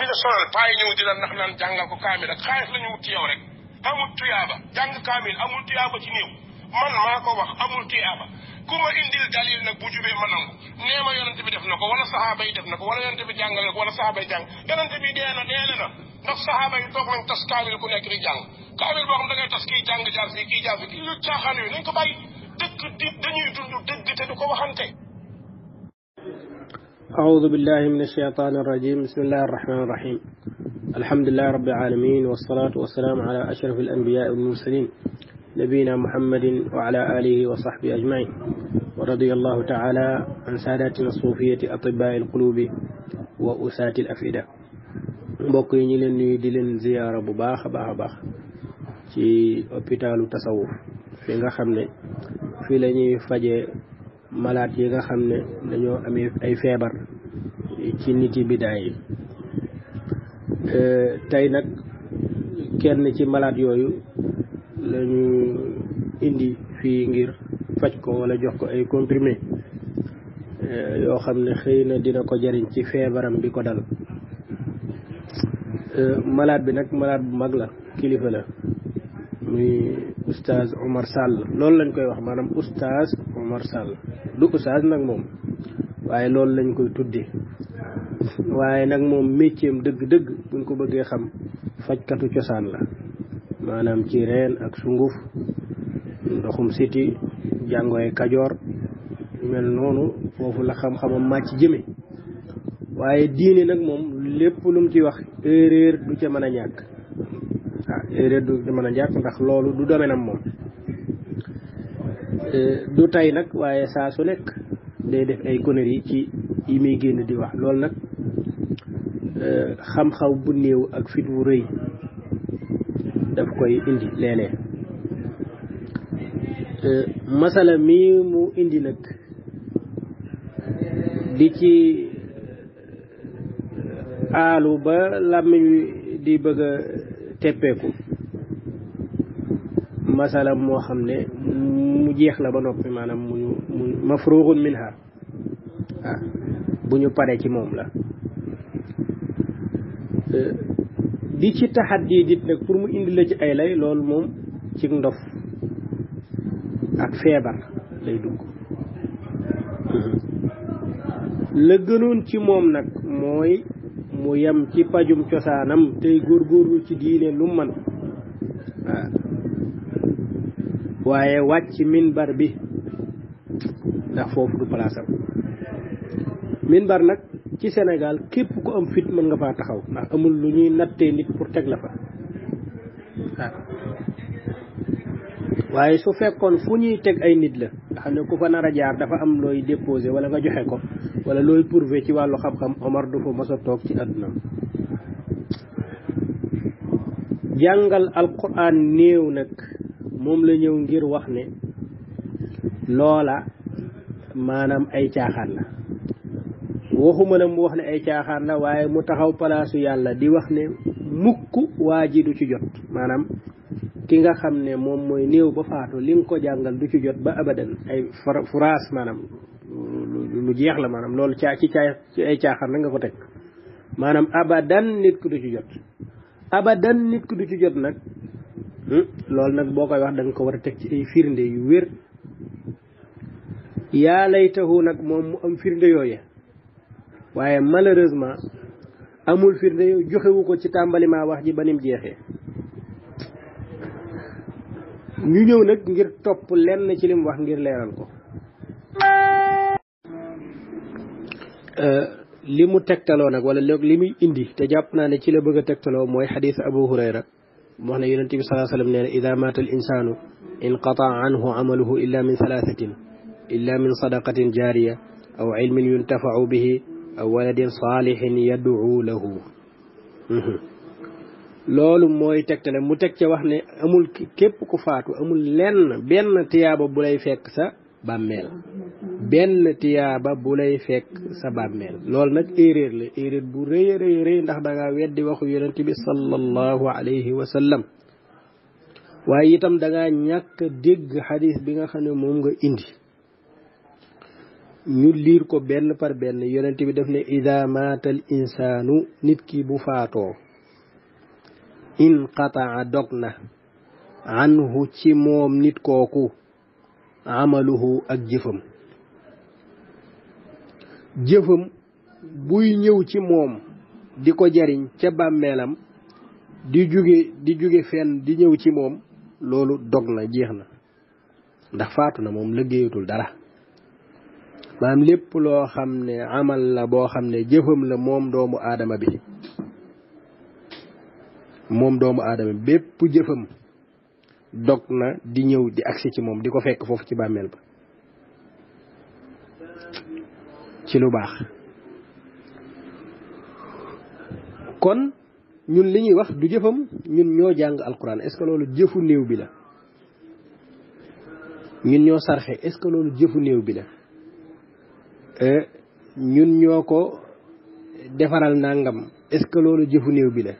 li la sonal bàyyi ñëw di la ndax naan jàngal ko kaamil ak xaalis la ñu wut ci yow rek amul tuyaaba jàng kaamil amul tuyaaba ci néew man maa ko wax amul tuyaaba ku ma indil dalil nag bu jubee ma nangu nee ma yonente bi def na ko wala saxaaba yi def na ko wala yonente bi jàngal na ko wala saxaaba yi jàng yonente bi dee na dee na ndax saxaaba yi toog nañ tas kaamil ku nekk di jàng kaamil boo xam da ngay tas kii jàng jaar fii kii jaar fii kii lu caaxaan yooyu nañ ko bàyyi te أعوذ بالله من الشيطان الرجيم بسم الله الرحمن الرحيم الحمد لله رب العالمين والصلاة والسلام على أشرف الأنبياء والمرسلين نبينا محمد وعلى آله وصحبه أجمعين ورضي الله تعالى عن ساداتنا الصوفية أطباء القلوب وأساة الأفئدة بقيني لني دلن زيارة بباخ باخ باخ في bu التصوف في غخمني في لني ci malaat yi nga xam ne dañoo amee ay feebar ci nit yi bidaa euh, yi tey nag kenn ci malaat yooyu lañu indi fii ngir faj ko wala jox ko ay comprimé euh, yoo xam ne xëy na dina ko jariñ ci feebaram bi ko dal euh, malaat bi nag malaat bu mag la kilifa la muy oustaz Omar Sall loolu lañ koy wax maanaam oustaz mor sall du oustaz nak mom waye loolu lañ koy tuddé waye nak mom métier deug deug buñ ko bëggé xam katu ciosan la manam ci reen ak sunguf ndoxum siti jangoy kadior mel nonu fofu la xam ma ci jëme waye diine nak mom lepp lu mu ci wax erreur du ci mëna ñak ah, erreur du ci mëna ñak ndax du am mom Euh, du tey nag waaye saa su nekk day def ay conneries ci yi muy génn di wax loolu nag euh, xam-xaw bu néew ak fit wu rëy daf koy indi léeg euh, masala mii mu indi nag di ci aalu ba làmmiñ di bëgg teppeeku masala moo xam ne mu jeex la ba noppi maanaam muñu mu mafruxun minha waaw bu ñu paree ci moom la di ci taxaddi dit nag pour mu indi la ci ay lay loolu moom ci ndox ak feebar lay dugg la gënoon ci moom nag mooy mu yam ci pajum cosaanam tey góorgóorlu ci diine lu man waaw waaye wàcc minbar bi ndax foofu du place minbar nag ci senegal képp ku am fit mën nga faa taxaw ndax amul lu ñuy nattee nit pour teg la fa waaye su fekkoon fu ñuy teg ay nit la nga xam ne ku fa nar a jaar dafa am looy déposé wala nga joxe ko wala looy prouvé ci wàllu xam-xam Omar du fa mos a toog ci àdduna jàngal alquran néew nag mom la ñew ngir wax ne lola manam ay caaxaan la waxuma ne mu wax ne ay caaxaan la waye mu taxaw place yalla di wax ne mukk du ci jot manam ki nga xamne mom moy neew ba faatu lim ko jangal du ci jot ba abadan ay furas manam, lu jeex la manam lolou ci ci caa ci ay nga ko tek manam abadan nit ku du ci jot abadan nit ku du ci jot nak loolu nag boo koy wax danga ko war a teg ci ay firnde yu wér yaa laytahu nag moom mu am firnde yooyu waaye malheureusement amul firnde yooyu joxewu ko ci tàmbali maa wax ji ba nim jeexee ñu ñëw nag ngir topp lenn ci lim wax ngir leeral ko euh, li mu tegtaloo nag wala léegi li muy indi te jàpp naa ne ci la bëgg tegtaloo mooy xadiis abu hurayra moo ne yonente bi salaa sallam nee na ida maata al insaanu inqataa anhu amaluhu illa min thalathatin illa min sadaqatin jaariya aw ilmin yuntafau bihi aw waladin saalihin yaduu lahu loolu mooy tegtale mu teg ca wax ne amul képp ku faatu amul lenn benn tiyaaba bu lay fekk sa bàmmeel benn tiyaaba bu lay fekk sa bàmmeel lool nag erreur la erreur bu rëy rëy rëy ndax da weddi waxu yonent bi sallallahu alayhi wa waaye itam danga ñàkk dégg xadis bi nga xam ne moom nga indi ñu liir ko benn par benn yonent bi daf ne ida insaanu nit ki bu faatoo in dog na anhu ci moom nit kooku amaluhu ak jëfam jëfam buy ñëw ci moom di ko jariñ ca bàmmeelam di jóge di jóge fenn di ñëw ci moom loolu dog na jeex na ndax faatu na moom liggéeyatul dara maanaam lépp loo xam ne amal la boo xam ne jëfam la moom doomu aadama bi moom doomu aadama bépp jëfam dog na di ñëw di agsi ci moom di ko fekk foofu ci bàmmeel ba ci lu baax kon ñun li ñuy wax du jëfam ñun ñoo jàng alquran est-ce que loolu jëfu néew bi la ñun ñoo sarxe est-ce que loolu jëfu néew bi la euh, ñun ñoo ko defaral nangam est-ce que loolu jëfu néew bi la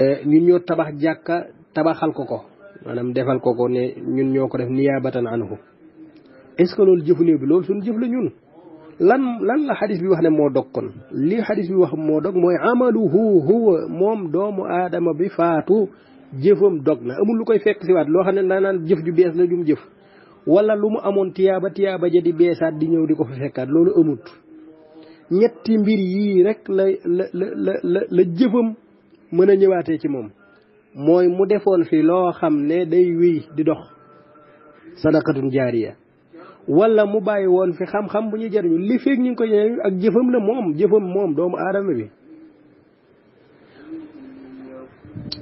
Eh, ñun ñoo tabax jàkka tabaxal ko ko maanaam defal ko ko ne ñun ñoo ko def niyaabatan anhu est-ce que loolu jëfu néew bi loolu suñu jëf la ñun lan lan la xadis bi wax ne moo dog kon li xadis bi wax moo dog mooy amaluhu huwa moom doomu aadama bi faatu jëfam dog na amul lu koy fekk si waat loo xam ne daa naan jëf ju bees la jum jëf wala lu mu amoon tiyaaba tiyaaba ja di beesaat di ñëw di ko fa fekkaat loolu amut ñetti mbir yii rek la la la la la jëfam mën a ñëwaatee ci moom mooy mu defoon fi loo xam ne day wéy di dox sadaqatun jaariya wala mu bàyyi woon fi xam-xam bu ñu jariñu li feeg ñu ngi ko jariñu ak jëfam la moom jëfam moom doomu aadama bi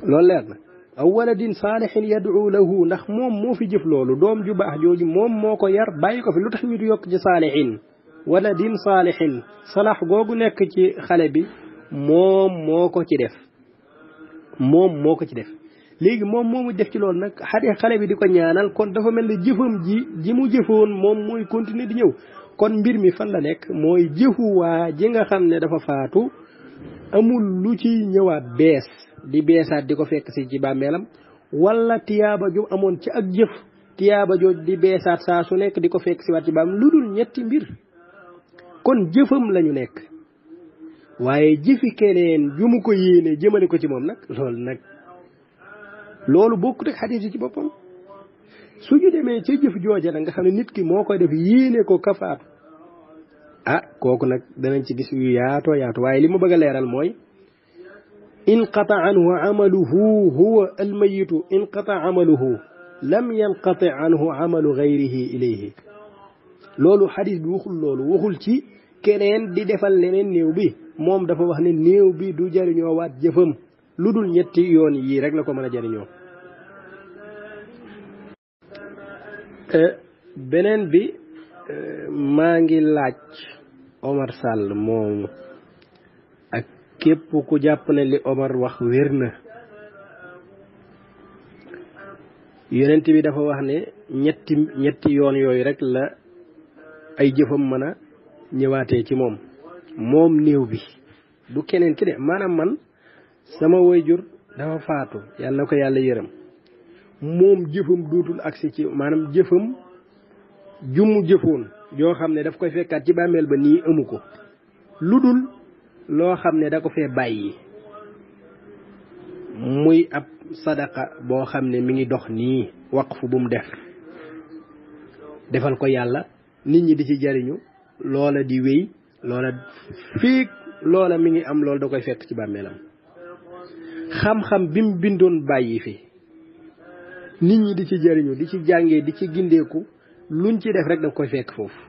loolu leer na aw waladin saalihin yad'u lahu ndax moom moo fi jëf loolu doom ju baax jooju moom moo ko yar bàyyi ko fi lu tax ñu di yokk ci saalihin waladin saalihin salaax googu nekk ci xale bi moom moo ko ci def moom moo ko ci def léegi moom moomu def ci loolu nag xale xale bi di ko ñaanal kon dafa mel ne jëfam ji ji mu jëfoon moom mooy continuer di ñëw kon mbir mi fan la nekk mooy jëfuwaa ji nga xam ne dafa faatu amul lu ci ñëwaat bees di beesaat di ko fekk si ci bàmmeelam wala tiyaaba ju amoon ci ak jëf tiyaaba jooj di beesaat saa su nekk di ko fekk si waat ci lu dul ñetti mbir kon jëfam lañu nekk waaye jëfi keneen ju ko yéene jëmale ko ci moom nag loolu nag loolu bokkut ak xadiis yi ci boppam su ñu demee ca jëf jooja nag nga xam ne nit ki moo koy def yéene ko kafaatu ah kooku nag danañ ci gis yu yaatoo yaatu waaye li ma bëgg a leeral mooy inqata anhu amaluhu huwa almayitu inqata amaluhu lam yanqati anhu amalu gayrihi ilayhi loolu xadiis bi waxul loolu waxul ci keneen di defal leneen néew bi moom dafa wax ne néew bi du jariñoo waat jëfam lu dul ñetti yoon yii rek la ko mën a jariñoo euh, beneen bi euh, maa ngi laaj omar sàll moom ak képp ku jàpp ne li omar wax wér na yonent bi dafa wax ne ñetti ñetti yoon yooyu rek la ay jëfam mën a ñëwaatee ci moom moom néew bi du keneen ki de maanaam man sama jur dafa faatu yàlla ko yàlla yërëm moom jëfam duutul agsi ci maanaam jëfam jum jëfoon yoo xam ne daf koy fekkaat ci bàmmeel ba nii amu ko lu dul loo xam ne da ko fee bàyyi muy ab sadaqa boo xam ne mi ngi dox nii waqfu bu mu def defal ko yàlla nit ñi di ci jariñu loola di wéy loola fii loola mi ngi am loolu da koy fekk ci bàmmeelam xam-xam bi mu bindoon bàyyi fi nit ñi di ci jëriñu di ci jàngee di ci gindeeku luñ ci def rek da koy fekk foofu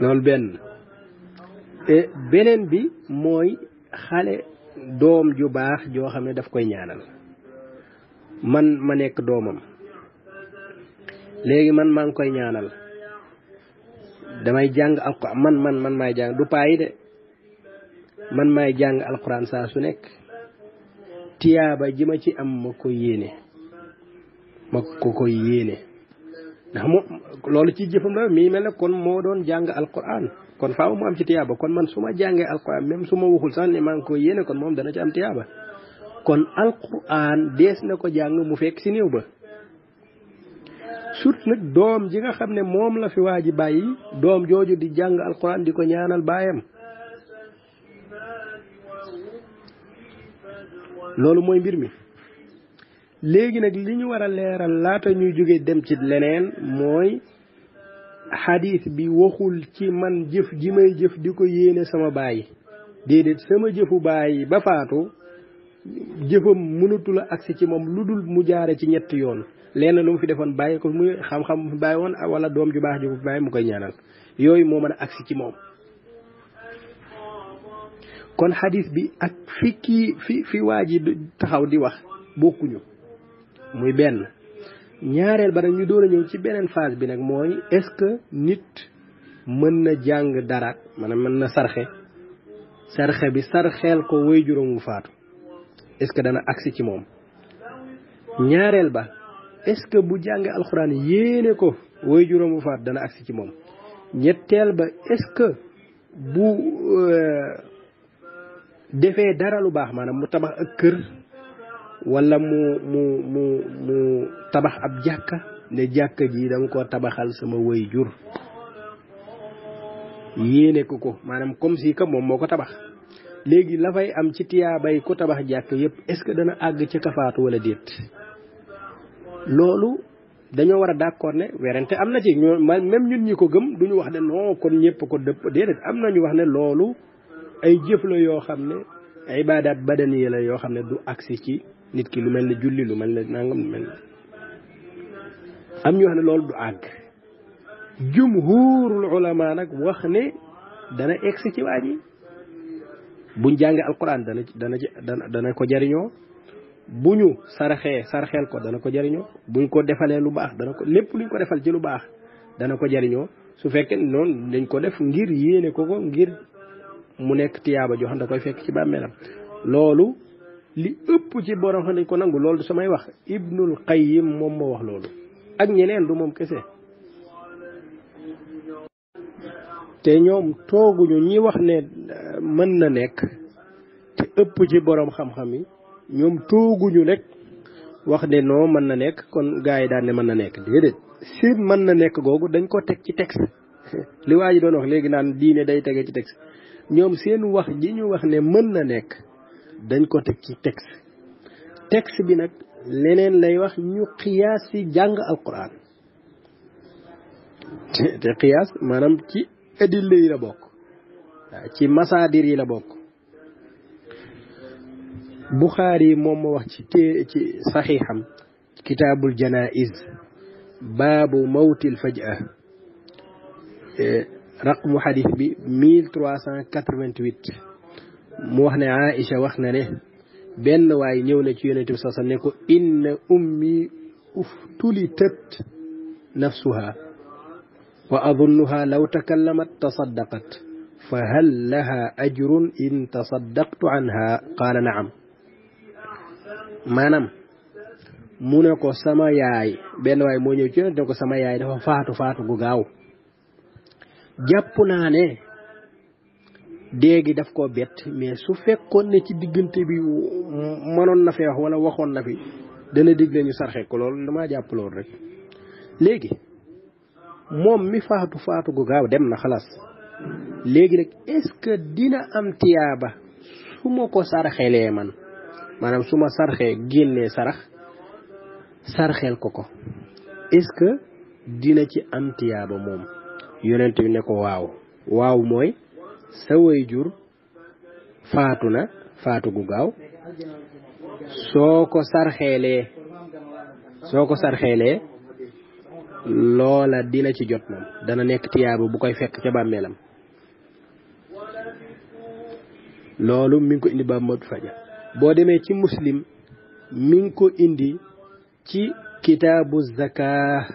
loolu benn e beneen bi mooy xale doom ju baax joo xam ne daf koy ñaanal man ma nekk doomam léegi man maa ngi koy ñaanal damay jàng alquran man man man maay jàng du paayi man maay jàng alquran saa su nekk tiyaaba ji ma ci am ma ko yéene ma ko koy yéene ndax mu loolu ci jëfam la mii mel ne kon moo doon jàng alquran kon faaw mu am ci tiyaaba kon man su ma jàngee alquran même su ma waxul sax ne maa ngi koy yéene kon moom dana ci am tiyaaba kon alquran dees na ko jàng mu fekk si néew ba surtout nag doom ji nga xam ne moom la fi waa ji bàyyi doom jooju di jàng alquran di ko ñaanal bàyyam loolu mooy mbir mi léegi nag li ñu war a leeral laata ñuy jóge dem ci leneen mooy xadis bi waxul ci man jëf ji may jëf di ko yéene sama bàyyi déedéet sama jëfu bàyyi ba faatu jëfam mënatula agsi ci moom lu dul mu jaare ci ñetti yoon lenn lu mu fi defoon bàyyi ko muy xam-xam fi bàyyi woon wala doom ju baax ju mu koy ñaanal yooyu moo mën a ci moom kon hadis bi ak fi kii fi fi waa ji taxaw di wax bokkuñu muy benn ñaareel ba nag ñu door a ñëw ci beneen phase bi nag mooy est ce nit mën na jàng dara maanaam mën sarxe sarxe bi sarxeel ko way juróom mu faatu est ce dana aksi ci moom ñaareel ba est ce que bu jàngee alxuraan yéene ko way juróom bu faat dana agsi ci moom ñetteel ba est ce que bu euh, defee dara lu baax maanaam mu tabax ak kër wala mu mu mu mu tabax ab jàkka ne jàkka ji dama ko tabaxal sama way jur yéene ko ko maanaam comme si que moom moo ko tabax léegi la fay am ci tiyaabay ku tabax jàkk yépp est ce que dana àgg ca kafaatu wala déet loolu dañoo war a d'accord ne werante am na ci ñoo même ñun ñi ko gëm duñu wax ne non kon ñëpp ko dëpp déedéet am na ñu wax ne loolu ay jëf yoo xam ne ay ibaadaat badani yoo xam ne du agsi ci nit ki lu mel ne julli lu mel ne nangam lu am ñu ne loolu du àgg jumhurul ulama nag wax ne dana egsi ci waa ji buñ jàngee alquran dana dana dana ko jariñoo bu ñu saraxee saraxeel ko dana ko jariñoo buñ ko defalee lu baax dana ko lépp luñ ko defal ci lu baax dana ko jariñoo su fekkee noonu dañ ko def ngir yéene ko ko ngir mu nekk tiyaaba joo xam da koy fekk ci bàmmeelam loolu li ëpp ci borom xam dañ ko nangu loolu du samay wax ibnul qayyim moom moo wax loolu ak ñeneen du moom kese te ñoom tooguñu ñi wax ne mën na nekk te ëpp ci borom xam-xam yi ñoom tooguñu rek wax ne non mën na nekk kon gars yi daan ne mën na nekk déedéet seen mën na nekk googu dañ ko teg ci texte li waa ji doon wax léegi naan diine day tegee ci texte ñoom seen wax ji ñu wax ne mën na nekk dañ ko teg ci texte texte bi nag leneen lay wax ñu xiyaas ci jàng alquran te xiyaas maanaam ci adilla yi la bokk ci masaadir yi la bokk بخاري موم وحشي صحيحا كتاب الجنائز باب موت الفجأة رقم حديث ب 1388 موحنا عائشة وحنا نه بن واي نيو نتي يونتي صلى ان امي افتلتت نفسها واظنها لو تكلمت تصدقت فهل لها اجر ان تصدقت عنها قال نعم maanaam mu ne ko sama yaay benn waay moo ñëw ci yonent ne ko sama yaay dafa faatu faatu gu gaaw jàpp naa ne déegi daf koo bett mais su fekkoon ne ci diggante bi manoon na fee wax wala waxoon na fi dana digle ñu sarxe ko loolu damaa jàpp loolu rek léegi moom mi faatu faatu gu gaaw dem na xalaas léegi rek est-ce que dina am tiyaaba su ma ko sarxelee man maanaam su ma sarxee génnee sarax sarxeel ko ko est-ce dina ci am tiyaaba moom yonent bi ne ko waaw waaw mooy sa jur faatu na faatu gu gaaw soo ko sarxeelee soo ko sarxeelee loola dina ci jot moom dana nekk tiyaaba bu koy fekk ca bàmmeelam loolu mu ngi ko indi ba mot faja boo demee ci muslim mi ngi ko indi ci kitaabu zaka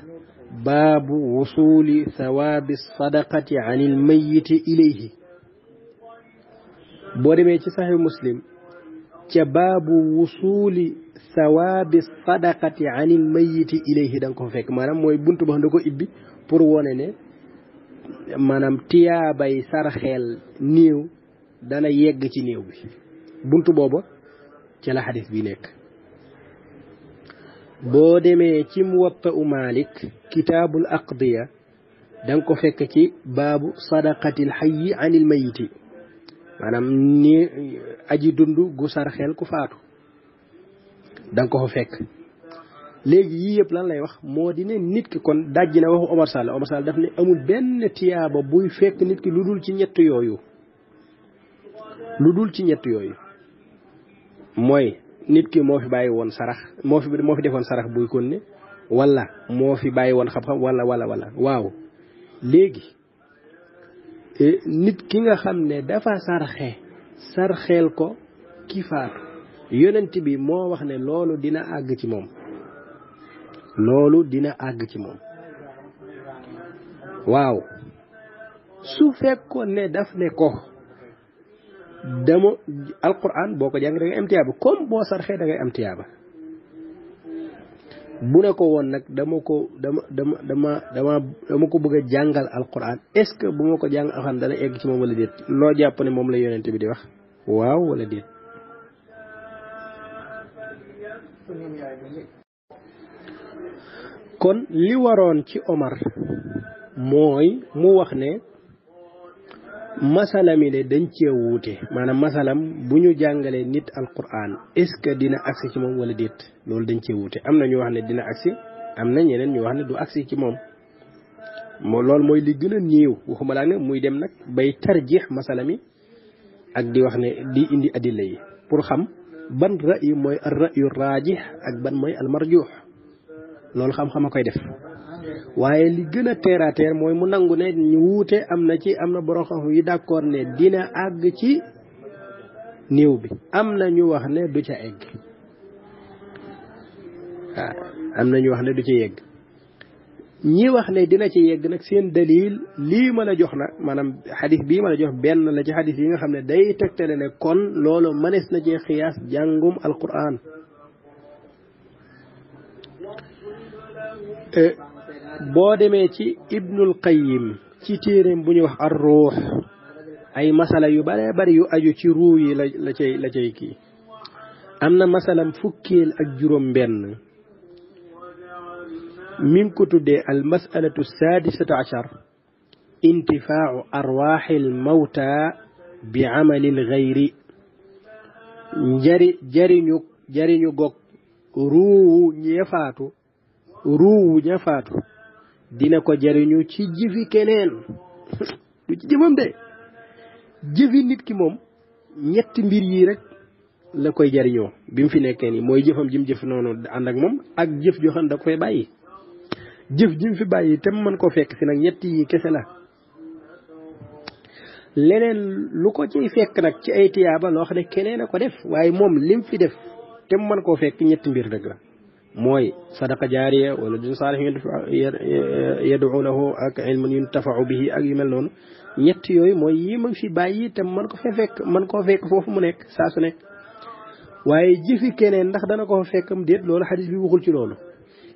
baabu wusuli thawaabi sadaqati an il mayiti ilayhi boo demee ci saxi muslim ca baabu wusuli thawaabi sadaqati an il mayiti ilayhi da nga ko fekk maanaam mooy bunt ba da ko ibbi pour wone ne maanaam tiyaabay saraxeel niiw dana yegg ci néew bi bunt booba ci la xadis bi nekk boo demee ci muwatta u malik kitaabul aqdiya da ko fekk ci baabu sadaqatil xayyi anil mayiti maanaam ni aji dund gu sarxel ku faatu da ko fa fekk léegi yii yëpp lan lay wax moo di ne nit ki kon dajji na waxu Omar Sall Omar ne amul benn tiyaaba buy fekk nit ki lu dul ci ñett yooyu lu dul ci ñett yooyu mooy nit ki moo fi bàyyi woon sarax moo fi moo fi defoon sarax buy kon ne walla moo fi bàyyi woon xam-xam wala wala wala waaw léegi eh, nit ki nga xam ne dafa sarxe sarxeel ko ki faatu yonent bi moo wax ne loolu dina àgg ci moom loolu dina àgg ci moom waaw su fekkoon ne daf ne ko damo alquran boko jang da ngay am tiyaba comme bo sarxé da ngay am tiyaba bu ne ko won nak dama ko dama dama dama dama ko bëgg jangal alquran est ce que bu ma ko jàng dana egg ci mom wala dit lo japp ne mom la yonent bi di wax waaw wala dit kon li waron ci omar moy mu wax ne masalam yi de dañ cee wuute maanaam masalam bu ñu jàngalee nit alquran est ce que dina agsi ci moom wala déet loolu dañ cee wuute am na ñu wax ne dina agsi am na ñeneen ñu wax ne du agsi ci moom moo loolu mooy li gën a néew waxuma laa muy dem nag bay tarjix masalam yi ak di wax ne di indi adilla yi pour xam ban ra'yu mooy ar ra'yu raajix ak ban mooy almarjuux loolu xam-xam a koy def waaye li gën a terre mooy mu nangu ne ñu wuute am na ci am na borom xam yi d'accord ne dina àgg ci néew bi am na ñu wax ne du ca egg waaw am na ñu wax ne du ca yegg ñi wax ne dina ci yegg nag seen dalil lii ma la jox na maanaam xadis bii ma la jox benn la ci xadis yi nga xam ne day tegtale ne kon loolu mënees na cee xiyaas jàngum alquran eh, boo demee ci ibnul qayim ci téeréem bu ñuy wax arruux ay masala yu baree bari yu aju ci ruu yi la cay la cay kii am na masalam fukkeel ak juróom benn mim ko tuddee al masalatu sadisatu achar intifaacu arwaaxi l mawta bi amali l gayri njari jariñu jariñu gog ruuwu ñefaatu ruuwu ñafaatu dina ko jariñu ci jëfi keneen du ci jëmam de jëfi nit ki moom ñetti mbir yi rek la koy jariñoo bi mu fi nekkee ni mooy jëfam jim jëf noonu ànd ak moom ak jëf joo xam da ko fay bàyyi jëf jim fi bàyyi te mën koo fekk si nag ñetti yi kese la leneen lu ko ciy fekk nag ci ay tiyaaba loo xam ne keneen a ko def waaye moom li mu fi def te mu mën koo fekk ñetti mbir rek la mooy sadaqa jaariya wala din saalix yad'u lahu ak ilmun yuntafa'u bihi ak yu mel noonu ñett yooyu mooy yi ma fi bàyyi te man ko fekk man koo fekk foofu mu nekk saa nekk waaye jëfi keneen ndax dana ko fekk fekkam déet loolu xadis bi ci loolu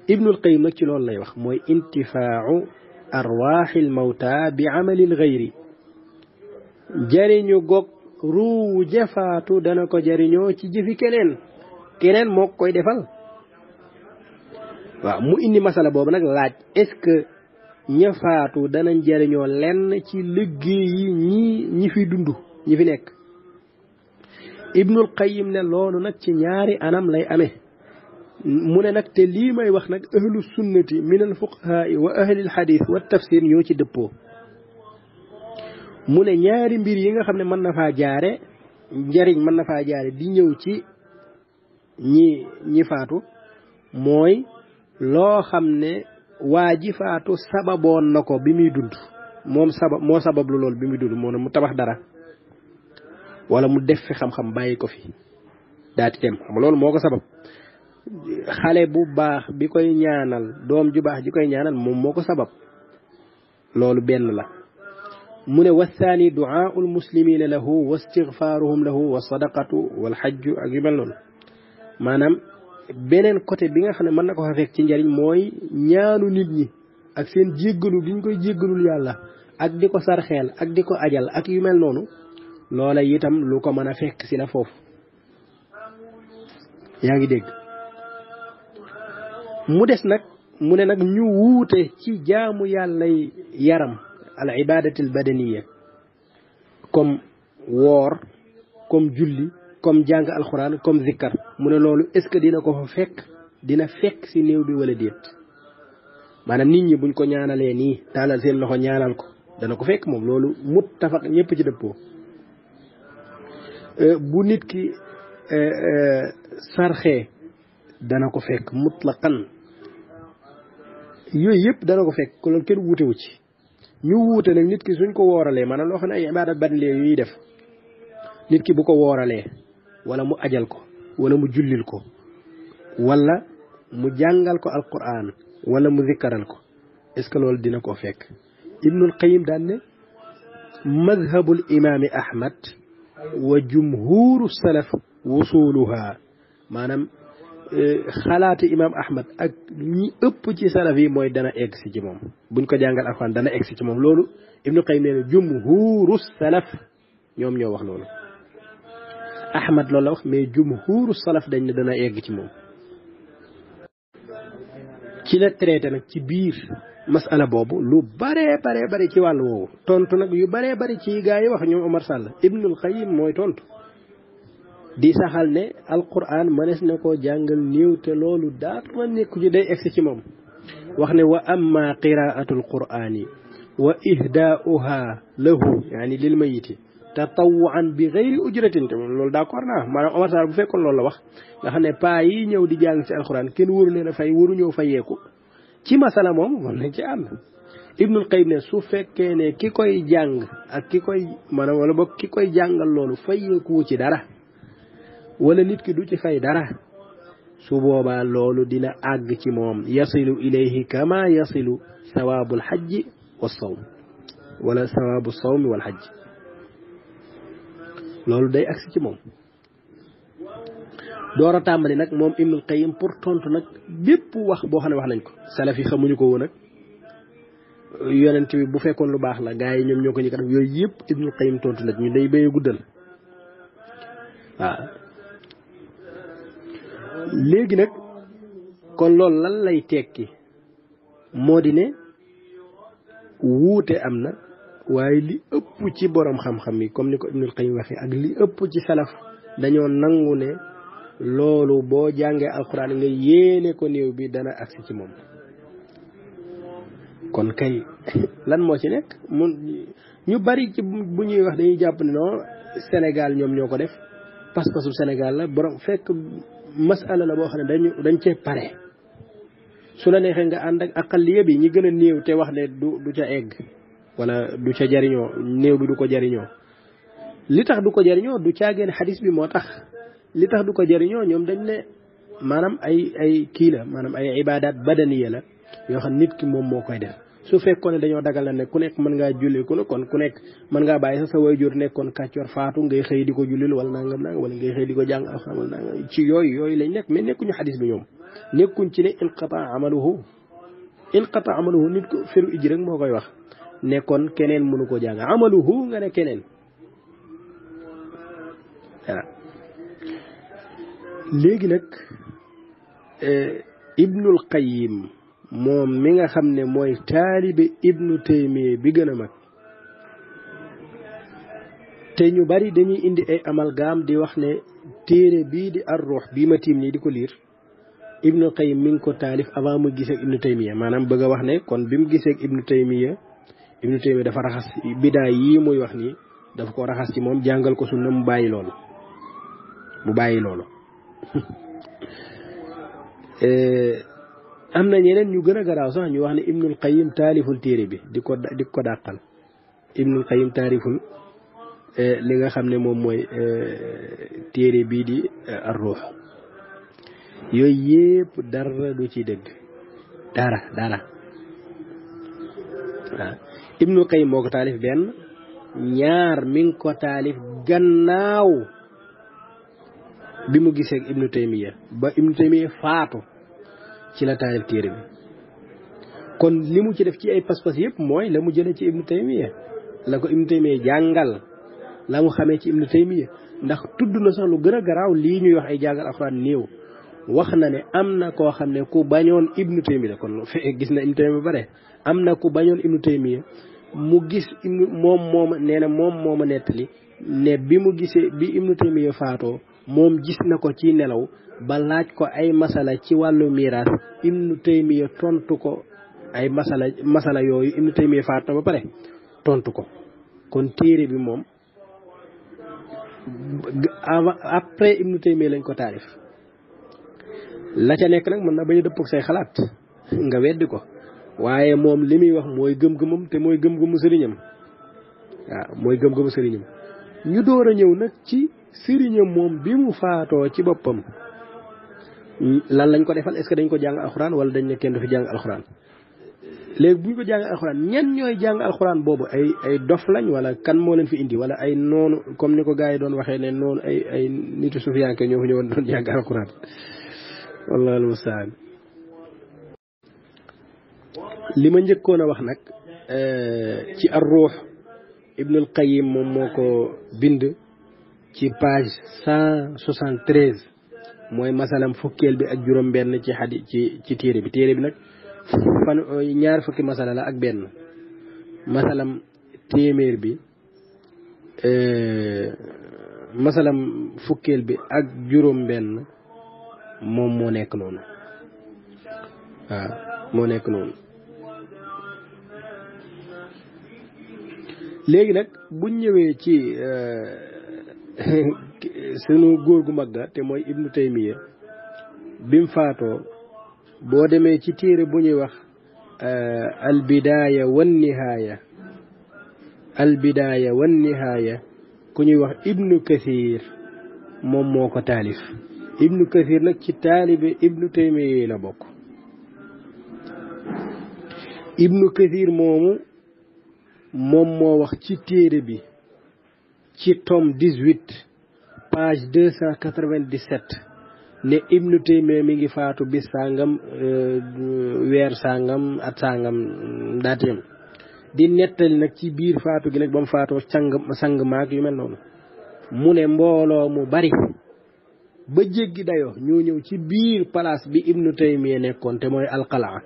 ibnul qayim nag ci loolu lay wax mooy intifaau arwaaxil mawta bi amalil gayri jariñu goog ruuwu jafaatu dana ko jariñoo ci jëfi keneen keneen moo koy defal waaw mu indi masala boobu nag laaj est-ce que ña faatu danañ jëriñoo lenn ci liggéey yi ñii ñi fi dund ñi fi nekk ibnul qayyim ne loolu nag ci ñaari anam lay ame mu ne nag te lii may wax nag ahlu sunnati min al wa ahlil xadis wa tafsir ñoo ci dëppoo mu ne ñaari mbir yi nga xam ne mën na faa jaare njariñ mën na faa jaare di ñëw ci ñi ñi faatu mooy loo xam ne waa ji faatu sababoon na ko bi muy dund moom sabab moo sabablu lool bi muy dund moo mu tabax dara wala mu def fi xam-xam bàyyi ko fi daati dem loolu moo ko sabab xale bu baax bi koy ñaanal doom ju baax ji koy ñaanal moom moo ko sabab loolu benn la mu ne wasaani duaaul muslimina lahu wa istigfaaruhum lahu wa sadaqatu wal xajju ak yu mel noonu maanaam beneen côté bi nga xam ne mën na ko fa fekk ci njariñ mooy ñaanu nit ñi ak seen jéggalu bi ñu koy jéggalul yàlla ak di ko sarxeel ak di ko ajal ak yu mel noonu loola itam lu ko mën a fekk si la foofu yaa ngi dégg mu des nag mu ne nag ñu wuute ci jaamu yàllay yaram al ibadatil badaniya comme woor comme julli comme jàng alxuraan comme zikkar mu ne loolu est ce que dina ko fa fekk dina fekk si néew bi wala déet maanaam nit ñi buñ ko ñaanalee nii tàllal seen loxo ñaanal ko dana ko fekk moom loolu mut tafaq ñëpp ci dëppoo euh, bu nit ki euh, euh, sarxee dana ko fekk mutlaqan yooyu yëpp dana ko fekk ko loolu kenn wuutewu ci ñu wuute nag nit ki suñ ko wooralee maanaa loo xam ne ay ibaada ban lee yuy def nit ki bu ko wooralee wala mu ajal ko wala mu jullil ko wala mu jàngal ko alquran wala mu zikkaral ko est ce que loolu dina ko fekk ibnul qayim daan ne madhabul imaami ahmad wa jumhuru salaf wusuluha maanaam xalaati imam ahmad ak ñi ëpp ci salaf yi mooy dana egg si ci moom buñ ko jàngal alquran dana egg si ci moom loolu ibnu qayim nee na jumhuru salaf ñoom ñoo wax loolu Ahmad loolu la wax mais jumhuuru salaf dañ ne dana egg ci moom ci la traité nag ci biir masala boobu lu bare bare bari ci wàll woowu tontu nag yu bare bari ci gaa yi wax ñoom Omar Sall Ibnul Qayyim mooy tontu di saxal ne alquran mënees na koo jàngal néew te loolu dara nekku ci day egsi ci moom wax ne wa amma qiraatu alqurani wa ihdaa'uha lahu yaani lil mayiti tatawuan bi xëyri ujratin te loolu d'accord naa maanaam Omar Sarr bu fekkoon loolu la wax nga xam ne paa yi ñëw di jàng ci alxuraan kenn waru leen a fay waru ñëw fayeeku ci masala moom war nañ ci ànd Ibnul Qayyim ne su fekkee ne ki koy jàng ak ki koy maanaam wala boog ki koy jàngal loolu fayeeku ci dara wala nit ki du ci fay dara su boobaa loolu dina àgg ci moom yasilu ilayhi kama yasilu sawaabul xajji wa sawm wala sawaabu sawmi loolu day agsi ci moom door a tàmbali nag moom Ibnul Qayyim pour tontu nag bépp wax boo xam ne wax nañ ko salaf yi xamuñu ko woon ak yonent bu fekkoon lu baax la gaa yi ñoom ñoo ko ñu ko def yooyu yëpp Ibnul Qayyim tontu nag ñu day béyee guddal waaw léegi nag kon loolu lan lay tekki moo di ne wuute am na waaye li ëpp ci borom xam-xam yi comme ni ko Ibnul Qayyim waxee ak li ëpp ci salaf dañoo nangu ne loolu boo jàngee alxuraan nga yéene ko néew bi dana agsi ci moom kon kay lan moo ci nekk mun ñu bari ci bu ñuy wax dañuy jàpp ne non Sénégal ñoom ñoo ko def pas-pasu Sénégal la borom fekk masala la boo xam ne dañu dañ cee pare su la neexee nga ànd ak aqaliya bi ñi gën a néew te wax ne du du ca egg wala du ca jariño néew bi du ko jariño li tax du ko jariño du gene hadith bi motax li tax du ko jariño ñom dañ ne manam ay ay ki la manam ay ibadat badaniya la yo xam nit ki moom mokoy def su fekkone dañu dagal la nek ku nek man nga julli ku kon ku nek man nga baye sa sa nek kon kàccoor fatu ngay xey diko ko wal nangam nangam wala ngay xey diko jang jàng alxam ci yoy yoy lañ me nekku ñu hadith bi ñom nekkuñ ci ne inqata amaluhu inqata amaluhu nit ko feru rek mokoy wax ne kon keneen mënu ko jàng amaluhu nga ne keneen waaw léegi nag eh, ibnul qayyim moom mi nga xam ne mooy taalibe ibnu taymiya bi gën a mag te ñu bari dañuy indi ay amal amalgaam di wax ne téere bii di arruux bii ma tiim nii di ko liir ibnu qayyim mi ngi ko taalif avant mu gisee ak ibnu taymiya maanaam bëgg a wax ne kon bi mu gisee ak ibnu taymiya Ibnu Taymiya dafa raxas bidaa yi muy wax nii dafa ko raxas ci moom jàngal ko sunna mu bàyyi loolu mu bàyyi loolu eh, am na ñeneen ñu gën a garaaw sax ñu wax ne Ibnul Qayyim taaliful téere bi di ko di ko dàqal Ibnul Qayyim taaliful eh, li nga xam ne moom mooy eh, téere bii di ar yooyu yépp dara du ci dëgg dara dara waaw ibnu Qayyim moo ko taalif benn ñaar min ngi ko taalif gannaaw bi mu gisee ak ibnu Taymiya ba ibnu Taymiya faatu ci la taalif bi kon li ci def ci ay pas yëpp mooy la mu ci ibnu Taymiya la ko ibnu jàngal la mu xamee ci ibnu Taymiya ndax tudd na sax lu gën a garaaw lii ñuy wax ay jàngal alxuraan néew wax na ne am na koo xam ne ku bañoon ibnu Taymiya kon gis na ibnu Taymiya ba pare am na ku bañoon ibnu Taymiya mu gis moom nee moom mooma nettali ne bi mu gisee bi Ibnu Taymiya faatoo moom gis na ko ci nelaw ba laaj ko ay masala ci wàllu miraas Ibnu Taymiya tontu ko ay masala masala yooyu Ibnu Taymiya faatoo ba pare tontu ko kon téere bi moom avant après Ibnu Taymiya lañ ko taarif la ca nekk nag mën na bañ a dëppoog say xalaat nga weddi ko waaye moom li muy wax mooy gëm-gëmam te mooy gëm-gëmu sëriñam waaw mooy gëm-gëmu sëriñam ñu door a ñëw nag ci sëriñam moom bi mu faatoo ci boppam lan lañ ko defal est dañ ko jàng alxuraan wala dañ ne kenn du fi jàng alxuraan léegi buñ ko jàng alxuraan ñen ñooy jàng alxuraan boobu ay ay dof lañ wala kan moo leen fi indi wala ay noonu comme ni ko gars yi doon waxee ne noonu ay ay nitu sufiyanke ñoo fi ñëwoon doon jàng alxuraan wallaahi almustaan li ma njëkkoon a wax nag euh, ci ar ruux ibnul qayim moom moo ko bind ci page 173 mooy masalam fukkeel bi ak juróom benn ci xadi ci ci téere bi téere bi nag fan ñaar fukki masala la ak benn masalam téeméer bi euh, masalam fukkeel bi ak juróom benn moom moo nekk noonu waaw moo nekk noonu léegi nag buñ ñëwee ci euh, sunu góor gu mag ga te mooy ibnu taymiya bim faatoo boo demee ci téere bu ñuy wax euh, albidaaya wan nihaaya albidaaya wan ku ñuy wax ibnu kathir moom moo ko taalif ibnu kathir nag ci taalibe ibnu taymiya la bokk ibnu kathir moomu moom moo wax ci téere bi ci tome 18 page 297 ne Ibnu Taymiya mi ngi faatu bis sàngam euh, weer sàngam at sàngam daateem di nettali nag ci biir faatu gi nag ba mu faatoo sang sang maag yu mel noonu mu ne mbooloo mu bari ba jéggi dayoo ñoo ñëw ci biir palaas bi Ibnu Taymiya nekkoon te mooy alqalaa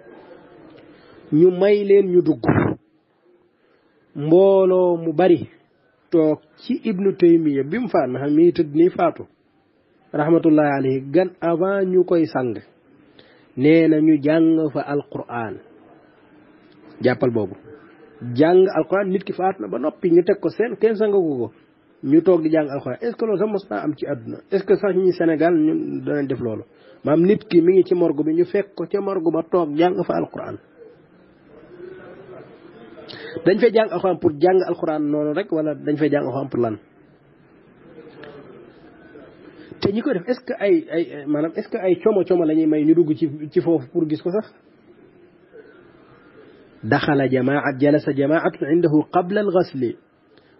ñu may leen ñu dugg Molo mu bari tok ci ibnu taymiya bimfan fa na mi tud ni fatu rahmatullahi alayhi gan avant ñu koy sang nee ñu jang fa alquran jappal bobu jang alquran nit ki faat ba nopi ñu tek ko sen ken sang ko ñu tok di jang alquran est ce que loolu sax mos am ci aduna est ce que sax ñi senegal ñu danañ def lolu mam nit ki mi ngi ci morgu bi ñu fekk ko ci morgu ba tok jang fa alquran dañ fay jàng alxuraan pour jàng alxuraan noonu rek wala dañ fay jàng alxuraan pour lan. te ñi koy def est-ce que ay ay maanaam ce que ay como como la may ñu dugg ci foofu pour gis ko sax. daxala jamaat jalasa jamaatun indahu qabla alxasli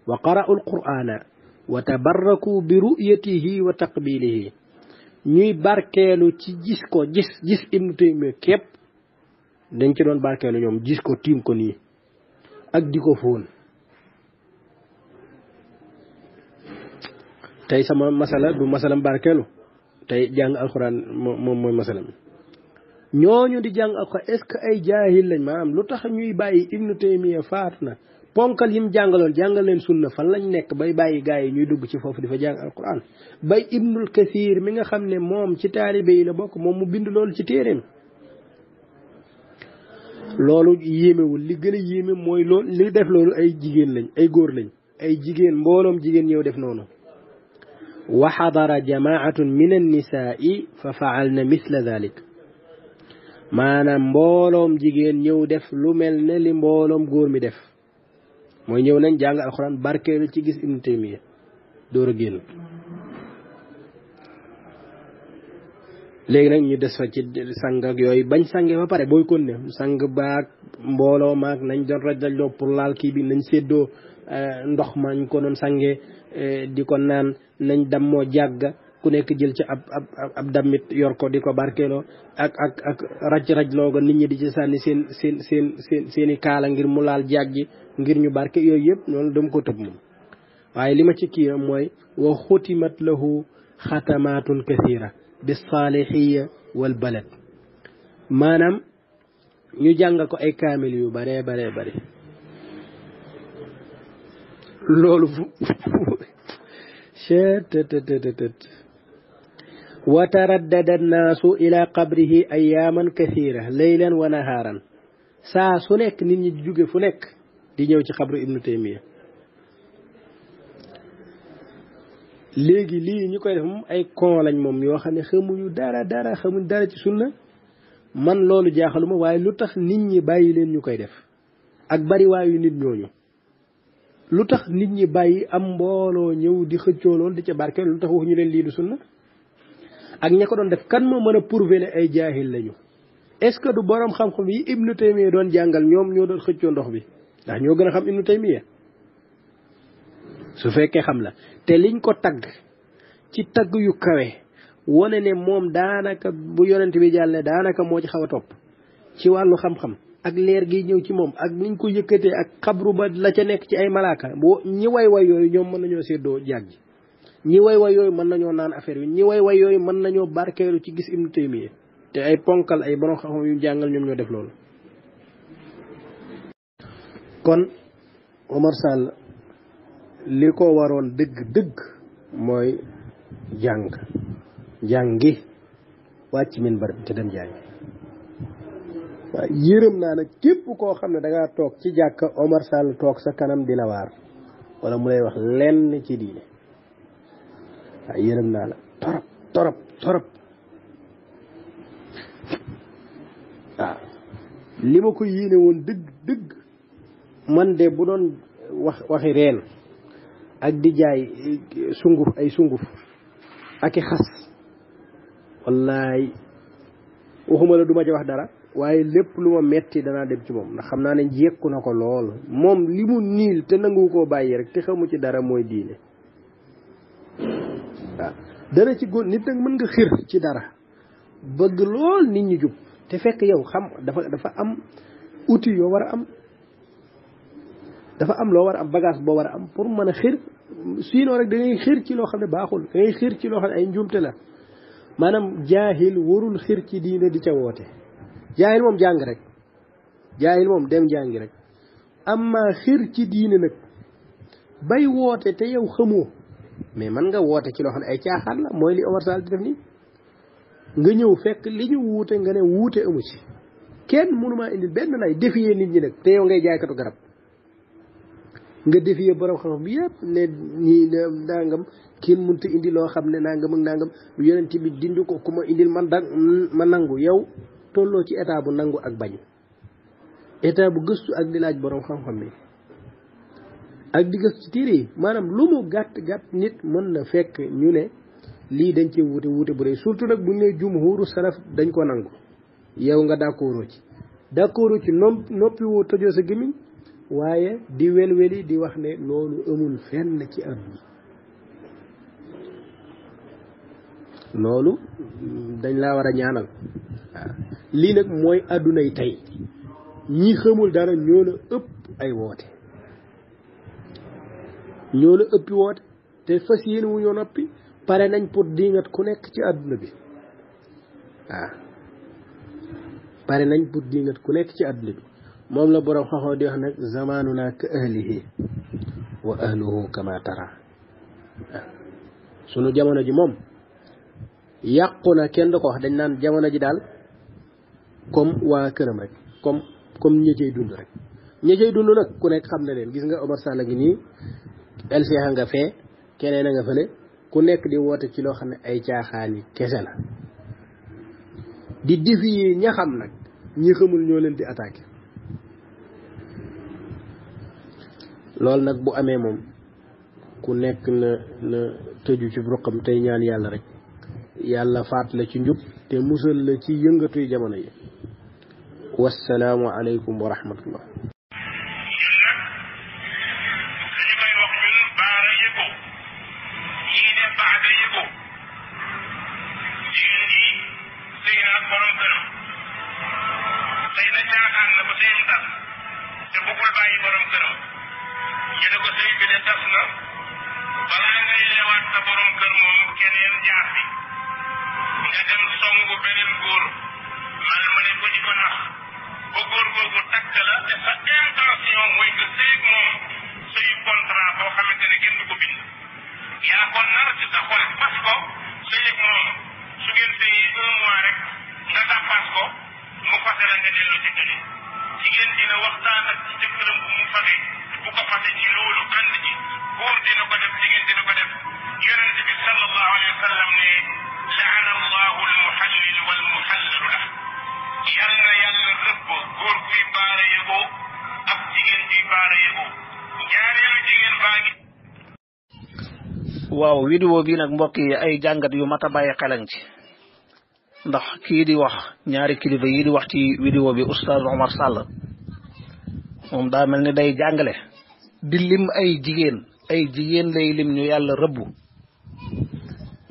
wa qara'u alqur'ana wa tabarraku bi ru'yatihi wa taqbilihi ñuy barkeelu ci gis ko gis gis ibnu taymiya képp dañ ci barkeelu ñoom gis ko tiim ko nii ak di ko fóon tey sama masala du masalam barkeelu tey jàng alxuraan moom mooy masalam ñooñu di jàng alxuraan est-ce que ay jaahil lañ maanaam lu tax ñuy bàyyi ibnu taymiya faatu na ponkal mu jàngaloon jàngaleen leen sunna fan lañ nekk bay bàyyi gaa yi ñuy dugg ci foofu di fa al alxuraan bay ibnul kasiir mi nga xam ne moom ci taalibe yi la bokk moom mu bind loolu ci téereem loolu yéemewul li gën a yéeme mooy loolu li def loolu ay jigéen lañ ay góor lañ ay jigéen mbooloom jigéen ñëw def noonu wa xadara jamaatun min annisaai fa faalna misla dalik maanaam mbooloom jigéen ñëw def lu mel ne li mbooloom góor mi def mooy ñëw nañ jàng alxuraan barkeelu ci gis ibnu taymiya door a génn léegi nag ñu des fa ci sang ak yooyu bañ sàngee ba pare booy kon ne sang baag mbooloo maag nañ doon raj daj pour laal kii bi nañ séddoo eh, ndox mañ ko doon sàngee eh, di ko naan nañ dammoo jàgg ku nekk jël ci ab ab ab yor ko di ko barkeeloo ak ak ak raj raj looga nit ñi di ci sànni seen seen seen seen seen kaala ngir mu laal jàgg ngir ñu barke yooyu yëpp noonu dem ko tëb moom waaye li ma ci kii mooy wa xutimat lahu xatamaatun kathira bi saalihiya wal balad maanaam ñu jàng ko ay kaamil yu bare bare bare loolu chettttt wa taraddada annaasu ila qabrihi ayaaman kathira leylan wa nahaaran saa su nekk nit ñi jóge fu nekk di ñëw ci xabru ibnu taymiya léegi lii ñu koy def moom ay kon lañ moom yoo xam ne xamuñu dara dara xamuñ dara ci sunna man loolu jaaxaluma waaye lu tax nit ñi bàyyi leen ñu koy def ak bariwaayu nit ñooñu lu tax nit ñi bàyyi am mbooloo ñëw di xëccoo lool di ca barke lu tax waxuñu leen lii du ak ña ko doon def kan moo mën a prouver ne ay jaahil lañu est-ce que du borom xam-xam yi Ibnu Taymiya doon jàngal ñoom ñoo doon xëccoo ndox bi ndax ñoo gën a xam Ibnu Taymiya su fekkee xam la te liñ ko tagg ci tagg yu kawe wone ne moom daanaka bu yonent bi jàlle daanaka moo ci xaw a topp ci wàllu xam-xam ak leer gi ñëw ci moom ak niñ ko yëkkatee ak xabru ba la ca nekk ci ay malaaka bo ñi way way yooyu ñoom mën nañoo séddoo jàgg ñi way way yooyu mën nañoo naan affaire yi ñi way way yooyu mën nañoo barkeelu ci gis ibnu te ay ponkal ay borom xam yu jàngal ñoom ñoo def loolu kon omar sall li ko waroon dëgg-dëgg mooy jàng jàngi wàcc min bar te dem jàngi waaw yërëm naa nag képp koo xam ne da toog ci jàkka Omar Sall toog sa kanam di la waar wala mu lay wax lenn ci diine waaw yërëm naa la torop torop torop waaw li ma ko yéene woon dëgg dëgg man de bu doon wax waxi reen ak di jaay sunguf ay sunguf ak xass wallahi wallaay waxuma la duma ci wax dara waye lepp luma metti dana dem ci mom ndax xamna ne jekku na lol mom limu nil te nangou ko baye rek te xamu ci dara moy diine dara ci góor nit nak mën nga xir ci dara bëgg lol nit ñi jup te fekk yow xam dafa dafa am outil yo wara am dafa am loo war am bagage boo war a am pour mën a xir sinon rek da ngay xir ci loo xam ne baaxul da ngay xir ci loo xam ne ay njuumte la maanaam jaahil warul xir ci diine di ca woote jaahil moom jàng rek jaahil moom dem jàngi rek amma xir ci diine nag bay woote te yow xamoo mais man nga woote ci loo xam ne ay caaxaan la mooy li Omar Sall di def nii nga ñëw fekk li ñu wuute nga ne wuute amu ci kenn mënumaa indil benn lay défier nit ñi nag te yow ngay jaaykatu garab nga defee borom xam-xam bi yëpp ne ñii nangam kenn mënut indi loo xam ne naa nangam ak nangam yonent bi dindi ko ku ma indil man da ma nangu yow tolloo ci état bu nangu ak bañ état bu gëstu ak di laaj borom xam-xam bi ak di gëstu téere yi maanaam lu mu gàtt gàtt nit mën na fekk ñu ne lii dañ cee wuute wuute bu rëy surtout nag bu ñu nee jumhuru salaf dañ ko nangu yow nga d'accord ci d'accord ci noppi woo tojoo sa gémmiñ waaye di welweli di wax ne loolu amul fenn ci àdduna loolu dañ laa war a ñaanal waaw lii nag mooy àdduna yi tey ñi xamul dara ñoo la ëpp ay woote ñoo la ëppi woote te fas yéen wu ñoo noppi pare nañ pour diingat ku nekk ci àdduna bi waaw pare nañ pour diingat ku nekk ci àdduna bi moom la borom xaxoo di wax nag zamanuna ka ahlihi wa ahluhu kama tara sunu jamono ji moom yàqu na kenn du ko wax dañ naan jamono ji daal comme waa këram rek comme comme ñi cay dund rek ñi cay nag ku nekk xam na leen gis nga Omar Sall a ngi nii LCH ku nekk woote ci loo xam ne ay caaxaan yi kese di défier ña xam nag ñi xamul ñoo leen di attaqué lool nag bu amee moom ku nekk na na tëju ci ruqam tey ñaan yàlla rek yàlla faat la ci njub te musal la ci yëngatuy jamono yi wasalaamu alaykum wa rahmatullah ñu ko sëy bi de tas na balaa ngay leewaat sa borom kër moom keneen jaar bi nga dem songu beneen góor man ma ne bu ko nax ba góor googu takk la te sa intention mooy que sëy moom sëy contrat boo xamante ne kenn du ko bind yaa ko nar ci sa xol fas ko sëy moom su ngeen sëyee un rek nga tàppaas ko mu fase la nga dellu ci këri jigéen dina waxtaan ak ci jëkkëram mu fase bu ko xam ne ci loolu ànd ji góor dina ko def jigéen dina ko def yonent bi sallallahu alayhi wa sallam ne laana allahu almuhallil walmuhallalu la yàlla na yàlla rëbb góor kuy baara yegoo ak jigéen kuy baara yegoo ñaareelu jigéen baa ngi waaw vidéo bi nag mbokk yi ay jàngat yu mat a bàyyi xelan ci ndax kii di wax ñaari kilifa yii di wax ci vidéo bi oustaz Omar Sall moom daa mel ni day jàngale di lim ay jigéen ay jigéen lay lim ñu yàlla rëbbu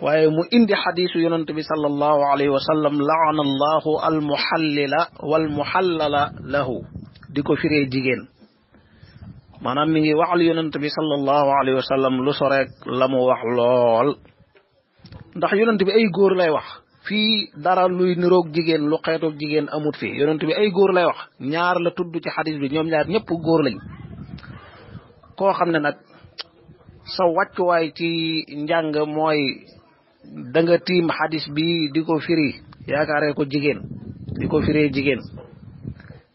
waaye mu indi xadiisu yonent bi sallallahu alayhi wa sallam laana allahu al muxallila wal muxallala lahu di ko firee jigéen maanaam mi ngi waxal yonent bi sallallahu alayhi wa sallam lu soreek la mu wax lool ndax yonent bi ay góor lay wax fii dara luy niroog jigéen lu xeetoog jigéen amut fi yonent bi ay góor lay wax ñaar la tudd ci xadis bi ñoom ñaar ñëpp góor lañ koo xam ne nag sa wàccuwaay ci njàng mooy da nga tiim hadis bi di ko firi yaakaare ko jigéen di ko firee jigéen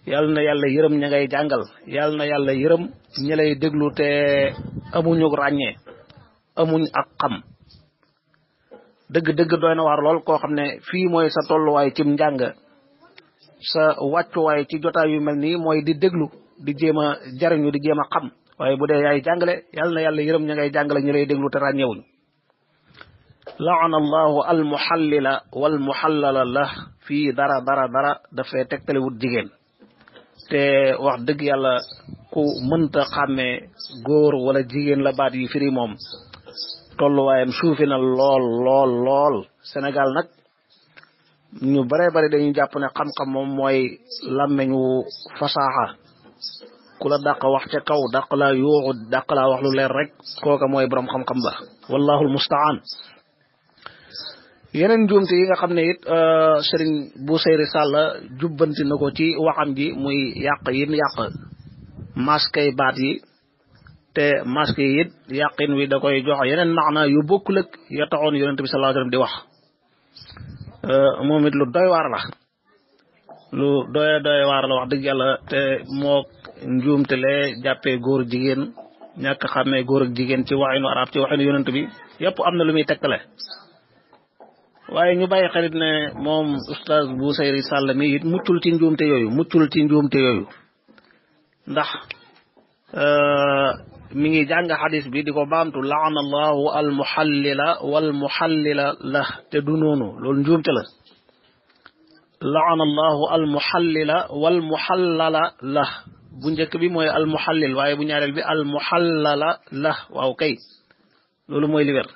yal na yàlla yërëm ña ngay jàngal yal na yàlla yërëm ñi lay déglu te amuñu ràññee amuñ ak xam dëgg-dëgg doy na waar lool koo xam ne fii mooy sa tolluwaay cim njàng sa wàccuwaay ci jotaay yu mel nii mooy di déglu di jéem a jariñu di jéem a xam waaye bu dee yaay jàngale yàlla na yàlla yërëm ña ngay jàngale ñu lay déglu te ràññewuñ laana allahu almuxallila walmuxallala la fii dara dara dara dafay tegtalewut jigéen te wax dëgg yàlla ku mënta xàmmee góor wala jigéen la baat yi firi moom tolluwaayam suufi na lool lool lool Sénégal nag ñu bare bare dañuy jàpp ne xam-xam moom mooy làmmeñ wu fasaaxa kula la dàq wax ca kaw dàq laa yuuxu dàq laa wax lu leer rek kooka mooy borom xam-xam ba wallahu almustaan yeneen njuumte yi nga xam ne it sëriñ bu sayri sàll jubbanti na ko ci waxam ji muy yàq yin yàq baat yi te masque yi it yàqin wi da koy jox yeneen maana yu bokkul ak ya taxoon yonente bi sallallahu alayhi di wax euh, moom it lu doy waar la lu doy doy waar la wax dëgg yàlla te moo njuumte lee jàppee góor jigéen ñàkk xàmmee góor ak jigéen ci waxinu arab ci waxinu yonent bi yëpp am na lu muy tekkale waaye ñu bàyyi xarit ne moom oustaz Busayri Sàll mi it muccul ci njuumte yooyu muccul ci njuumte yooyu ndax mi ngi jàng xadis bi di ko laana allahu al muxallila wal muxallila la te du noonu loolu njuumte la laana allahu al muxallila wal muxallala la bu njëkk bi mooy al muxallil waaye bu ñaareel bi al muxallala la waaw kay loolu mooy li wér